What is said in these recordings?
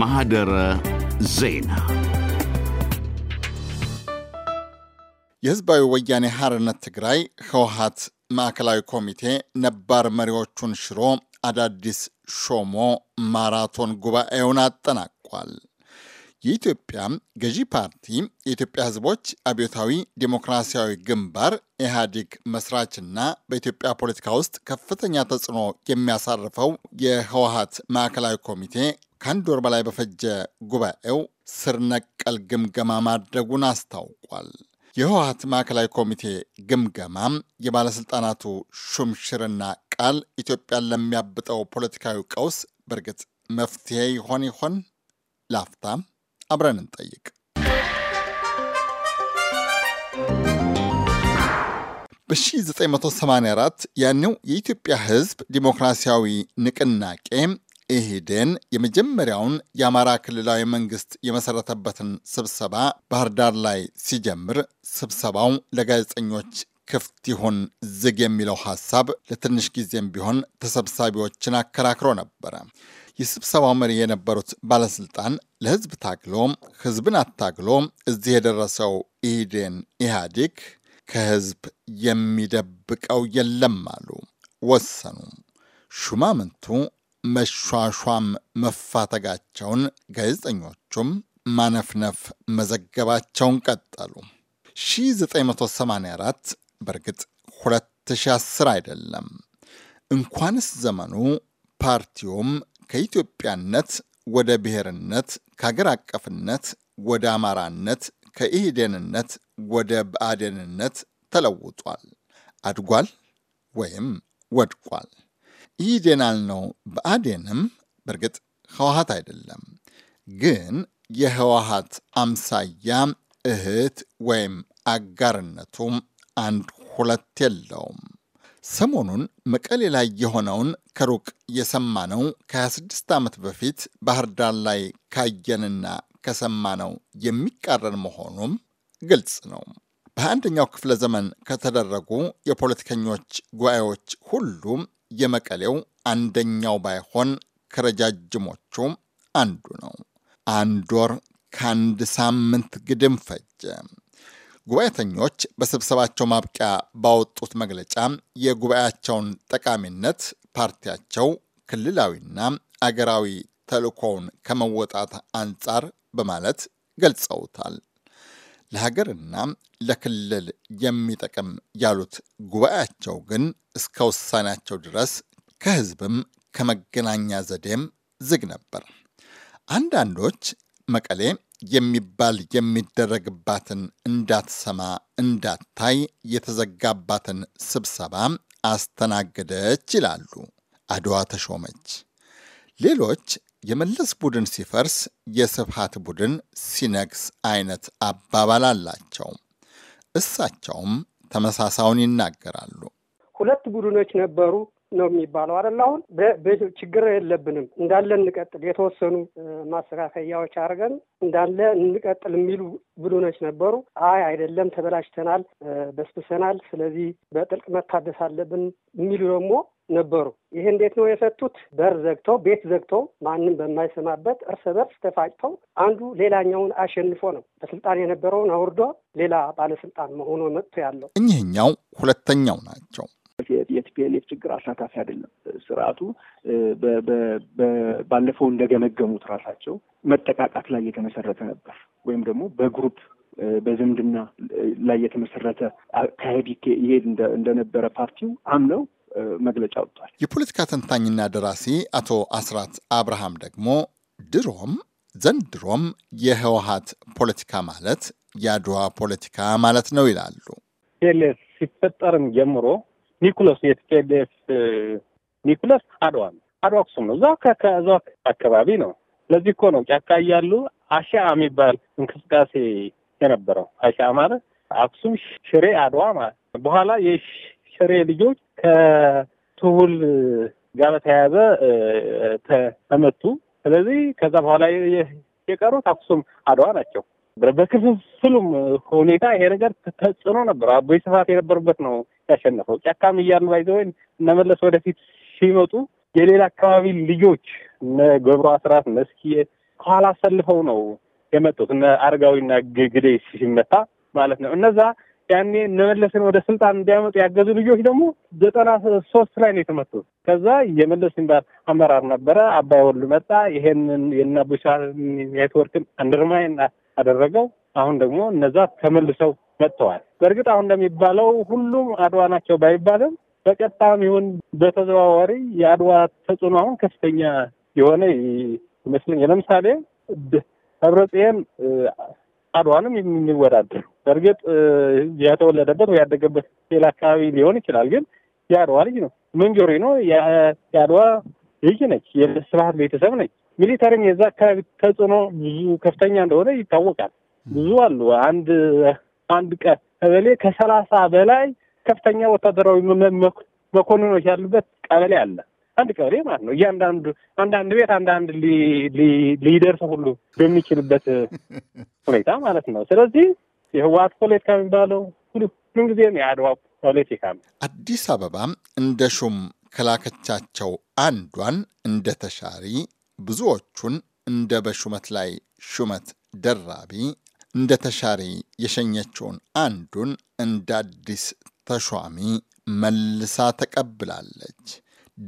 ማህደረ ዜና የህዝባዊ ወያኔ ሐርነት ትግራይ ህወሀት ማዕከላዊ ኮሚቴ ነባር መሪዎቹን ሽሮ አዳዲስ ሾሞ ማራቶን ጉባኤውን አጠናቋል። የኢትዮጵያ ገዢ ፓርቲ የኢትዮጵያ ሕዝቦች አብዮታዊ ዴሞክራሲያዊ ግንባር ኢህአዴግ መስራችና በኢትዮጵያ ፖለቲካ ውስጥ ከፍተኛ ተጽዕኖ የሚያሳርፈው የህወሀት ማዕከላዊ ኮሚቴ ከአንድ ወር በላይ በፈጀ ጉባኤው ስር ነቀል ግምገማ ማድረጉን አስታውቋል። የህወሀት ማዕከላዊ ኮሚቴ ግምገማ የባለሥልጣናቱ ሹምሽርና ቃል ኢትዮጵያን ለሚያብጠው ፖለቲካዊ ቀውስ በእርግጥ መፍትሄ ይሆን ይሆን? ላፍታም አብረን እንጠይቅ። በ1984 ያኔው የኢትዮጵያ ሕዝብ ዲሞክራሲያዊ ንቅናቄ ኢህዴን የመጀመሪያውን የአማራ ክልላዊ መንግስት የመሰረተበትን ስብሰባ ባህር ዳር ላይ ሲጀምር ስብሰባው ለጋዜጠኞች ክፍት ይሁን ዝግ የሚለው ሐሳብ ለትንሽ ጊዜም ቢሆን ተሰብሳቢዎችን አከራክሮ ነበረ። የስብሰባው መሪ የነበሩት ባለስልጣን ለህዝብ ታግሎ ህዝብን አታግሎ እዚህ የደረሰው ኢህዴን ኢህአዴግ ከህዝብ የሚደብቀው የለም አሉ፣ ወሰኑ። ሹማምንቱ መሿሿም መፋተጋቸውን፣ ጋዜጠኞቹም ማነፍነፍ መዘገባቸውን ቀጠሉ። 1984 በእርግጥ 2010 አይደለም። እንኳንስ ዘመኑ ፓርቲውም ከኢትዮጵያነት ወደ ብሔርነት፣ ከአገር አቀፍነት ወደ አማራነት፣ ከኢህዴንነት ወደ ብአዴንነት ተለውጧል። አድጓል ወይም ወድቋል። ኢህዴን አልነው። ብአዴንም በእርግጥ ህወሀት አይደለም፣ ግን የህወሀት አምሳያ እህት ወይም አጋርነቱም አንድ ሁለት የለውም። ሰሞኑን መቀሌ ላይ የሆነውን ከሩቅ የሰማነው ከ26 ዓመት በፊት ባህር ዳር ላይ ካየንና ከሰማነው የሚቃረን መሆኑም ግልጽ ነው። በአንደኛው ክፍለ ዘመን ከተደረጉ የፖለቲከኞች ጉባኤዎች ሁሉም የመቀሌው አንደኛው ባይሆን ከረጃጅሞቹ አንዱ ነው። አንድ ወር ከአንድ ሳምንት ግድም ፈጀ። ጉባኤተኞች በስብሰባቸው ማብቂያ ባወጡት መግለጫ የጉባኤያቸውን ጠቃሚነት ፓርቲያቸው ክልላዊና አገራዊ ተልእኮውን ከመወጣት አንጻር በማለት ገልጸውታል። ለሀገርና ለክልል የሚጠቅም ያሉት ጉባኤያቸው ግን እስከ ውሳኔያቸው ድረስ ከህዝብም ከመገናኛ ዘዴም ዝግ ነበር። አንዳንዶች መቀሌ የሚባል የሚደረግባትን እንዳትሰማ እንዳታይ የተዘጋባትን ስብሰባ አስተናገደች ይላሉ። አድዋ ተሾመች። ሌሎች የመለስ ቡድን ሲፈርስ የስብሃት ቡድን ሲነግስ አይነት አባባል አላቸው። እሳቸውም ተመሳሳዩን ይናገራሉ። ሁለት ቡድኖች ነበሩ። ነው የሚባለው አይደል? አሁን ችግር የለብንም እንዳለ እንቀጥል፣ የተወሰኑ ማስተካከያዎች አድርገን እንዳለ እንቀጥል የሚሉ ቡድኖች ነበሩ። አይ አይደለም፣ ተበላሽተናል፣ በስብሰናል፣ ስለዚህ በጥልቅ መታደስ አለብን የሚሉ ደግሞ ነበሩ። ይህ እንዴት ነው የሰጡት በር ዘግተው ቤት ዘግተው ማንም በማይሰማበት እርስ በርስ ተፋጭተው አንዱ ሌላኛውን አሸንፎ ነው በስልጣን የነበረውን አውርዶ ሌላ ባለስልጣን መሆኑ መጥቶ ያለው እኚህኛው ሁለተኛው ናቸው። የቲፒኤልኤፍ ችግር አሳታፊ አይደለም። ስርዓቱ ባለፈው እንደገመገሙት ራሳቸው መጠቃቃት ላይ የተመሰረተ ነበር ወይም ደግሞ በግሩፕ በዝምድና ላይ የተመሰረተ አካሄድ ይሄድ እንደነበረ ፓርቲው አምነው መግለጫ ወጥቷል። የፖለቲካ ተንታኝና ደራሲ አቶ አስራት አብርሃም ደግሞ ድሮም ዘንድሮም የህወሀት ፖለቲካ ማለት የአድዋ ፖለቲካ ማለት ነው ይላሉ። ሲፈጠርም ጀምሮ ኒኩለስ የቲፒኤልኤፍ ኒኩለስ አድዋ ነው። አድዋ አክሱም ነው። እዛ ከዛ አካባቢ ነው። ለዚህ እኮ ነው ጫካ እያሉ አሻ የሚባል እንቅስቃሴ የነበረው። አሻ ማለት አክሱም፣ ሽሬ፣ አድዋ ማለት በኋላ የሽሬ ልጆች ከትውል ጋር በተያያዘ ተመቱ። ስለዚህ ከዛ በኋላ የቀሩት አክሱም፣ አድዋ ናቸው። በክፍፍሉም ሁኔታ ይሄ ነገር ተጽዕኖ ነበር። አቦይ ስፋት የነበሩበት ነው ያሸነፈው። ጫካም እያልን ባይዘወይን እነመለስ ወደፊት ሲመጡ የሌላ አካባቢ ልጆች እነ ገብሩ አስራት መስኪ ከኋላ አሰልፈው ነው የመጡት። እነ አረጋዊና ግዴ ሲመታ ማለት ነው። እነዛ ያኔ እነመለስን ወደ ስልጣን እንዲያመጡ ያገዙ ልጆች ደግሞ ዘጠና ሶስት ላይ ነው የተመቱት። ከዛ የመለስ ሚባል አመራር ነበረ። አባይ ወሉ መጣ። ይሄንን የእነ አቦ ኔትወርክን አንደርማይን አደረገው። አሁን ደግሞ እነዛ ተመልሰው መጥተዋል። በእርግጥ አሁን እንደሚባለው ሁሉም አድዋ ናቸው ባይባልም በቀጥታም ይሁን በተዘዋዋሪ የአድዋ ተጽዕኖ አሁን ከፍተኛ የሆነ ይመስለኛል። ለምሳሌ ህብረጽሄን አድዋንም የሚወዳደር በእርግጥ የተወለደበት ያደገበት ሌላ አካባቢ ሊሆን ይችላል። ግን የአድዋ ልጅ ነው። መንጆሪ ነው የአድዋ ልጅ ነች። የስብሀት ቤተሰብ ነች። ሚሊተሪም የዛ አካባቢ ተጽዕኖ ብዙ ከፍተኛ እንደሆነ ይታወቃል። ብዙ አሉ አንድ አንድ ቀን ቀበሌ ከሰላሳ በላይ ከፍተኛ ወታደራዊ መኮንኖች ያሉበት ቀበሌ አለ። አንድ ቀበሌ ማለት ነው። እያንዳንዱ አንዳንድ ቤት አንዳንድ ሊደርስ ሁሉ በሚችልበት ሁኔታ ማለት ነው። ስለዚህ የህወሓት ፖለቲካ የሚባለው ሁሉም ጊዜም የአድዋ ፖለቲካ ነው። አዲስ አበባ እንደ ሹም ከላከቻቸው አንዷን እንደ ተሻሪ ብዙዎቹን እንደ በሹመት ላይ ሹመት ደራቢ እንደ ተሻሪ የሸኘችውን አንዱን እንደ አዲስ ተሿሚ መልሳ ተቀብላለች።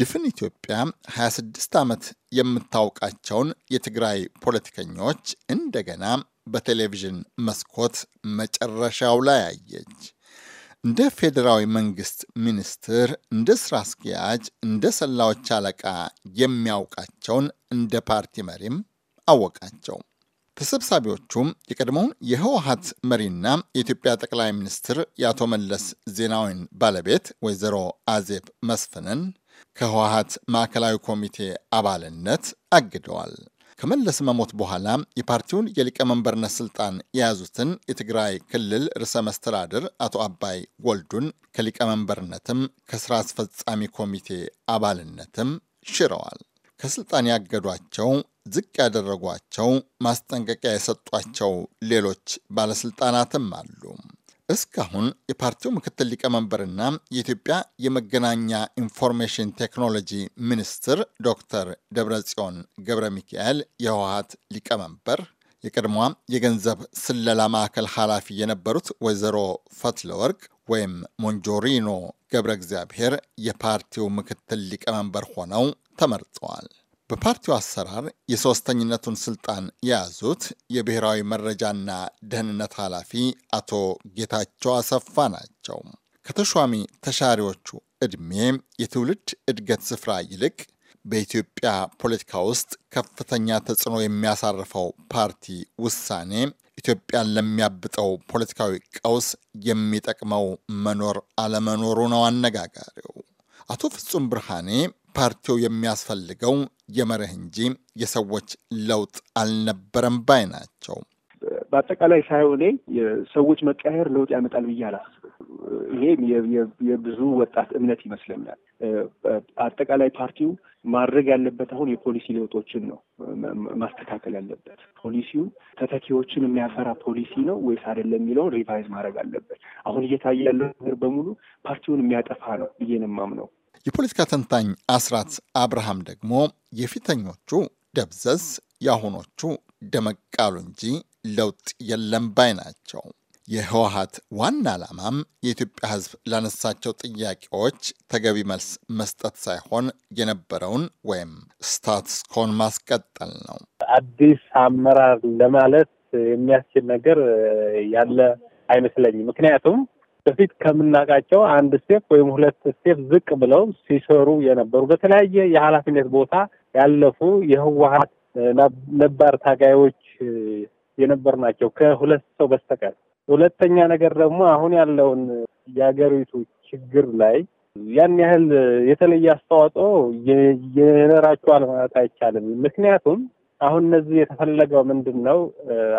ድፍን ኢትዮጵያ 26 ዓመት የምታውቃቸውን የትግራይ ፖለቲከኞች እንደገና በቴሌቪዥን መስኮት መጨረሻው ላይ አየች። እንደ ፌዴራዊ መንግስት ሚኒስትር፣ እንደ ስራ አስኪያጅ፣ እንደ ሰላዮች አለቃ የሚያውቃቸውን እንደ ፓርቲ መሪም አወቃቸው። ተሰብሳቢዎቹም የቀድሞውን የህወሀት መሪና የኢትዮጵያ ጠቅላይ ሚኒስትር የአቶ መለስ ዜናዊን ባለቤት ወይዘሮ አዜብ መስፍንን ከህወሀት ማዕከላዊ ኮሚቴ አባልነት አግደዋል። ከመለስ መሞት በኋላ የፓርቲውን የሊቀመንበርነት ስልጣን የያዙትን የትግራይ ክልል ርዕሰ መስተዳድር አቶ አባይ ወልዱን ከሊቀመንበርነትም ከስራ አስፈጻሚ ኮሚቴ አባልነትም ሽረዋል። ከስልጣን ያገዷቸው፣ ዝቅ ያደረጓቸው፣ ማስጠንቀቂያ የሰጧቸው ሌሎች ባለስልጣናትም አሉ። እስካሁን የፓርቲው ምክትል ሊቀመንበርና የኢትዮጵያ የመገናኛ ኢንፎርሜሽን ቴክኖሎጂ ሚኒስትር ዶክተር ደብረጽዮን ገብረ ሚካኤል የህወሀት ሊቀመንበር የቀድሞዋ የገንዘብ ስለላ ማዕከል ኃላፊ የነበሩት ወይዘሮ ፈትለወርቅ ወይም ሞንጆሪኖ ገብረ እግዚአብሔር የፓርቲው ምክትል ሊቀመንበር ሆነው ተመርጠዋል። በፓርቲው አሰራር የሶስተኝነቱን ስልጣን የያዙት የብሔራዊ መረጃና ደህንነት ኃላፊ አቶ ጌታቸው አሰፋ ናቸው። ከተሿሚ ተሻሪዎቹ ዕድሜ የትውልድ እድገት ስፍራ ይልቅ በኢትዮጵያ ፖለቲካ ውስጥ ከፍተኛ ተጽዕኖ የሚያሳርፈው ፓርቲ ውሳኔ ኢትዮጵያን ለሚያብጠው ፖለቲካዊ ቀውስ የሚጠቅመው መኖር አለመኖሩ ነው አነጋጋሪው። አቶ ፍጹም ብርሃኔ ፓርቲው የሚያስፈልገው የመርህ እንጂ የሰዎች ለውጥ አልነበረም ባይ ናቸው። በአጠቃላይ ሳይሆኔ የሰዎች መቀየር ለውጥ ያመጣል ብዬ አላስብም። ይሄም የብዙ ወጣት እምነት ይመስለኛል። አጠቃላይ ፓርቲው ማድረግ ያለበት አሁን የፖሊሲ ለውጦችን ነው ማስተካከል ያለበት። ፖሊሲው ተተኪዎችን የሚያፈራ ፖሊሲ ነው ወይስ አይደለም የሚለውን ሪቫይዝ ማድረግ አለበት። አሁን እየታየ ያለው ነገር በሙሉ ፓርቲውን የሚያጠፋ ነው ብዬ ነው የማምነው። የፖለቲካ ተንታኝ አስራት አብርሃም ደግሞ የፊተኞቹ ደብዘዝ የአሁኖቹ ደመቃሉ እንጂ ለውጥ የለም ባይ ናቸው። የህወሀት ዋና ዓላማም የኢትዮጵያ ሕዝብ ላነሳቸው ጥያቄዎች ተገቢ መልስ መስጠት ሳይሆን የነበረውን ወይም ስታትስኮን ማስቀጠል ነው። አዲስ አመራር ለማለት የሚያስችል ነገር ያለ አይመስለኝም። ምክንያቱም በፊት ከምናውቃቸው አንድ ስቴፕ ወይም ሁለት ስቴፕ ዝቅ ብለው ሲሰሩ የነበሩ በተለያየ የኃላፊነት ቦታ ያለፉ የህወሀት ነባር ታጋዮች የነበር ናቸው ከሁለት ሰው በስተቀር። ሁለተኛ ነገር ደግሞ አሁን ያለውን የሀገሪቱ ችግር ላይ ያን ያህል የተለየ አስተዋጽኦ የነራቸዋል ማለት አይቻልም። ምክንያቱም አሁን እነዚህ የተፈለገው ምንድን ነው?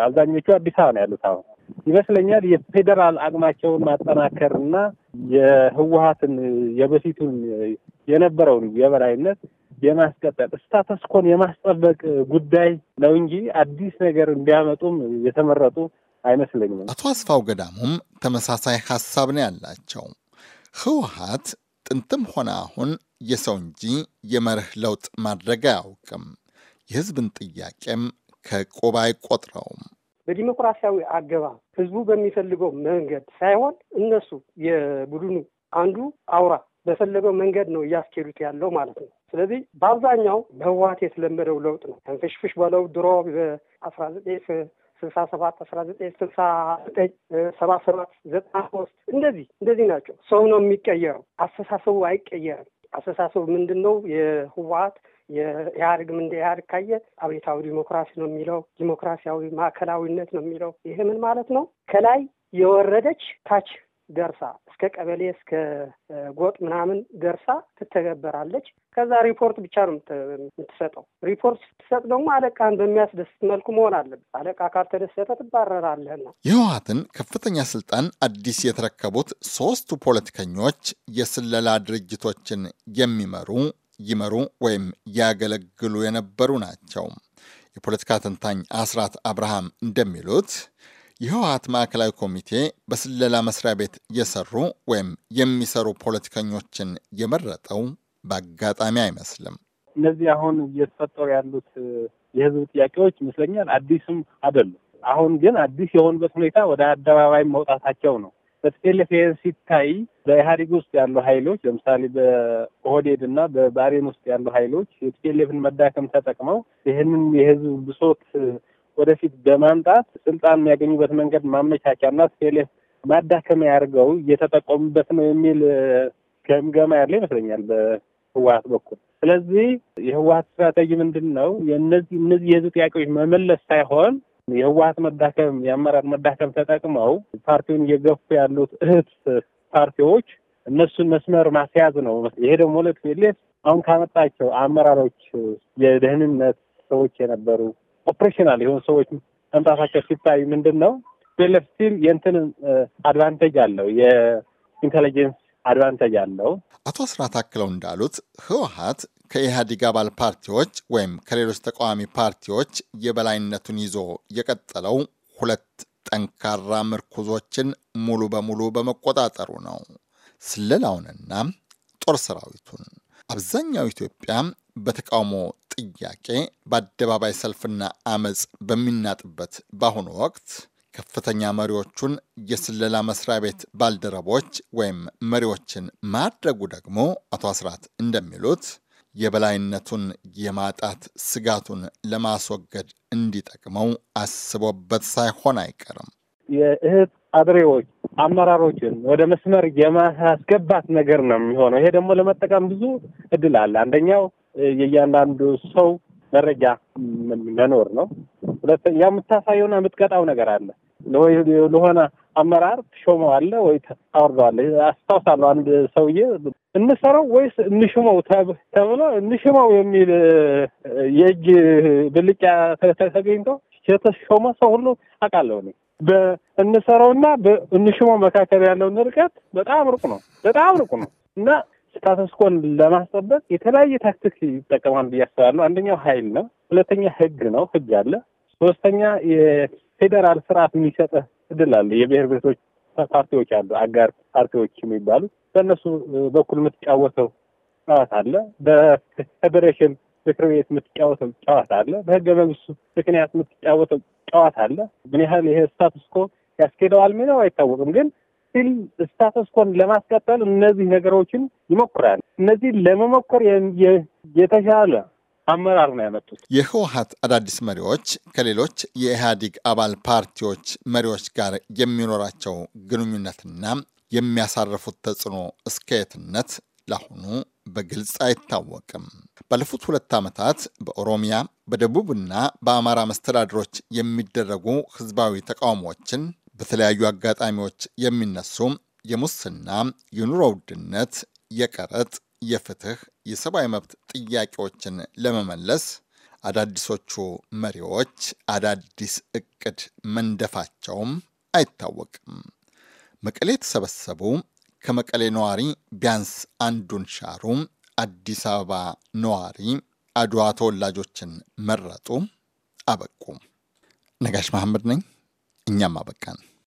አብዛኞቹ አዲስ አበባ ነው ያሉት አሁን ይመስለኛል የፌዴራል አቅማቸውን ማጠናከር እና የህወሀትን የበፊቱን የነበረውን የበላይነት የማስቀጠል ስታተስኮን የማስጠበቅ ጉዳይ ነው እንጂ አዲስ ነገር እንዲያመጡም የተመረጡ አይመስለኝም። አቶ አስፋው ገዳሙም ተመሳሳይ ሀሳብ ነው ያላቸው። ህወሀት ጥንትም ሆነ አሁን የሰው እንጂ የመርህ ለውጥ ማድረግ አያውቅም። የህዝብን ጥያቄም ከቆብ አይቆጥረውም። በዲሞክራሲያዊ አገባብ ህዝቡ በሚፈልገው መንገድ ሳይሆን እነሱ የቡድኑ አንዱ አውራ በፈለገው መንገድ ነው እያስኬዱት ያለው ማለት ነው። ስለዚህ በአብዛኛው በህወሓት የተለመደው ለውጥ ነው። ተንፍሽፍሽ በለው ድሮ በአስራ ዘጠኝ ስልሳ ሰባት አስራ ዘጠኝ ስልሳ ዘጠኝ ሰባ ሰባት ዘጠና ሶስት እንደዚህ እንደዚህ ናቸው። ሰው ነው የሚቀየረው፣ አስተሳሰቡ አይቀየርም። አስተሳሰቡ ምንድን ነው? የህወሀት የኢህአዴግ ምንደ ኢህአዴግ ካየ አብዮታዊ ዲሞክራሲ ነው የሚለው፣ ዲሞክራሲያዊ ማዕከላዊነት ነው የሚለው። ይሄ ምን ማለት ነው? ከላይ የወረደች ታች ደርሳ እስከ ቀበሌ እስከ ጎጥ ምናምን ደርሳ ትተገበራለች። ከዛ ሪፖርት ብቻ ነው የምትሰጠው። ሪፖርት ስትሰጥ ደግሞ አለቃን በሚያስደስት መልኩ መሆን አለበት። አለቃ ካልተደሰተ ትባረራለህና የህወሓትን ከፍተኛ ስልጣን አዲስ የተረከቡት ሶስቱ ፖለቲከኞች የስለላ ድርጅቶችን የሚመሩ ይመሩ ወይም ያገለግሉ የነበሩ ናቸው። የፖለቲካ ተንታኝ አስራት አብርሃም እንደሚሉት የህወሀት ማዕከላዊ ኮሚቴ በስለላ መስሪያ ቤት የሰሩ ወይም የሚሰሩ ፖለቲከኞችን የመረጠው በአጋጣሚ አይመስልም። እነዚህ አሁን እየተፈጠሩ ያሉት የህዝብ ጥያቄዎች ይመስለኛል አዲስም አይደሉም። አሁን ግን አዲስ የሆኑበት ሁኔታ ወደ አደባባይ መውጣታቸው ነው። በቲፒኤልኤፍ ሲታይ በኢህአዴግ ውስጥ ያሉ ኃይሎች ለምሳሌ በኦህዴድ እና በባሬን ውስጥ ያሉ ኃይሎች የቲፒኤልኤፍን መዳከም ተጠቅመው ይህንን የህዝብ ብሶት ወደፊት በማምጣት ስልጣን የሚያገኙበት መንገድ ማመቻቻ እና ቲፒኤልኤፍ ማዳከም አድርገው እየተጠቀሙበት ነው የሚል ገምገማ ያለ ይመስለኛል በህወሀት በኩል። ስለዚህ የህወሀት ስትራቴጂ ምንድን ነው? እነዚህ የህዝብ ጥያቄዎች መመለስ ሳይሆን የህወሀት መዳከም፣ የአመራር መዳከም ተጠቅመው ፓርቲውን እየገፉ ያሉት እህት ፓርቲዎች እነሱን መስመር ማስያዝ ነው። ይሄ ደግሞ ለትፌሌስ አሁን ካመጣቸው አመራሮች የደህንነት ሰዎች የነበሩ ኦፕሬሽናል የሆኑ ሰዎች መምጣታቸው ሲታይ ምንድን ነው ፌሌፍ ሲል የእንትን አድቫንቴጅ አለው የኢንቴሊጀንስ አድቫንተጅ አለው። አቶ አስራት አክለው እንዳሉት ህወሀት ከኢህአዴግ አባል ፓርቲዎች ወይም ከሌሎች ተቃዋሚ ፓርቲዎች የበላይነቱን ይዞ የቀጠለው ሁለት ጠንካራ ምርኩዞችን ሙሉ በሙሉ በመቆጣጠሩ ነው፣ ስለላውንና ጦር ሰራዊቱን። አብዛኛው ኢትዮጵያ በተቃውሞ ጥያቄ በአደባባይ ሰልፍና አመፅ በሚናጥበት በአሁኑ ወቅት ከፍተኛ መሪዎቹን የስለላ መስሪያ ቤት ባልደረቦች ወይም መሪዎችን ማድረጉ ደግሞ አቶ አስራት እንደሚሉት የበላይነቱን የማጣት ስጋቱን ለማስወገድ እንዲጠቅመው አስቦበት ሳይሆን አይቀርም። የእህት አድሬዎች አመራሮችን ወደ መስመር የማስገባት ነገር ነው የሚሆነው። ይሄ ደግሞ ለመጠቀም ብዙ እድል አለ። አንደኛው የእያንዳንዱ ሰው መረጃ መኖር ነው። ሁለተኛ የምታሳየውና የምትቀጣው ነገር አለ። ለሆነ አመራር ትሾመዋለ ወይ ታወርደዋለህ? አስታውሳለሁ አንድ ሰውዬ እንሰራው ወይስ እንሽመው ተብሎ እንሽመው የሚል የእጅ ብልጫ ተገኝቶ የተሾመ ሰው ሁሉ አውቃለሁ እኔ። በእንሰራውና በእንሽመው መካከል ያለውን ርቀት በጣም ርቁ ነው፣ በጣም ርቁ ነው እና ስታተስኮን ለማስጠበቅ የተለያየ ታክቲክ ይጠቀማል ብዬ አስባለሁ። አንደኛው ኃይል ነው። ሁለተኛ ህግ ነው፣ ህግ አለ። ሶስተኛ ፌዴራል ስርዓት የሚሰጠ እድል አለ። የብሔር ብሔረሰቦች ፓርቲዎች አሉ፣ አጋር ፓርቲዎች የሚባሉ በእነሱ በኩል የምትጫወተው ጨዋታ አለ። በፌዴሬሽን ምክር ቤት የምትጫወተው ጨዋታ አለ። በህገ መንግስቱ ምክንያት የምትጫወተው ጨዋታ አለ። ምን ያህል ይሄ ስታትስ ኮ ያስኬደዋል ሚለው አይታወቅም፣ ግን ሲል ስታተስ ኮን ለማስቀጠል እነዚህ ነገሮችን ይሞክራል። እነዚህ ለመሞከር የተሻለ አመራር ነው ያመጡት። የህወሀት አዳዲስ መሪዎች ከሌሎች የኢህአዴግ አባል ፓርቲዎች መሪዎች ጋር የሚኖራቸው ግንኙነትና የሚያሳርፉት ተጽዕኖ እስከየትነት ለአሁኑ በግልጽ አይታወቅም። ባለፉት ሁለት ዓመታት በኦሮሚያ በደቡብና በአማራ መስተዳድሮች የሚደረጉ ህዝባዊ ተቃውሞዎችን በተለያዩ አጋጣሚዎች የሚነሱ የሙስና፣ የኑሮ ውድነት፣ የቀረጥ የፍትህ፣ የሰብአዊ መብት ጥያቄዎችን ለመመለስ አዳዲሶቹ መሪዎች አዳዲስ እቅድ መንደፋቸውም አይታወቅም። መቀሌ የተሰበሰቡ ከመቀሌ ነዋሪ ቢያንስ አንዱን ሻሩ፣ አዲስ አበባ ነዋሪ አድዋ ተወላጆችን መረጡ፣ አበቁ። ነጋሽ መሐመድ ነኝ። እኛም አበቃን።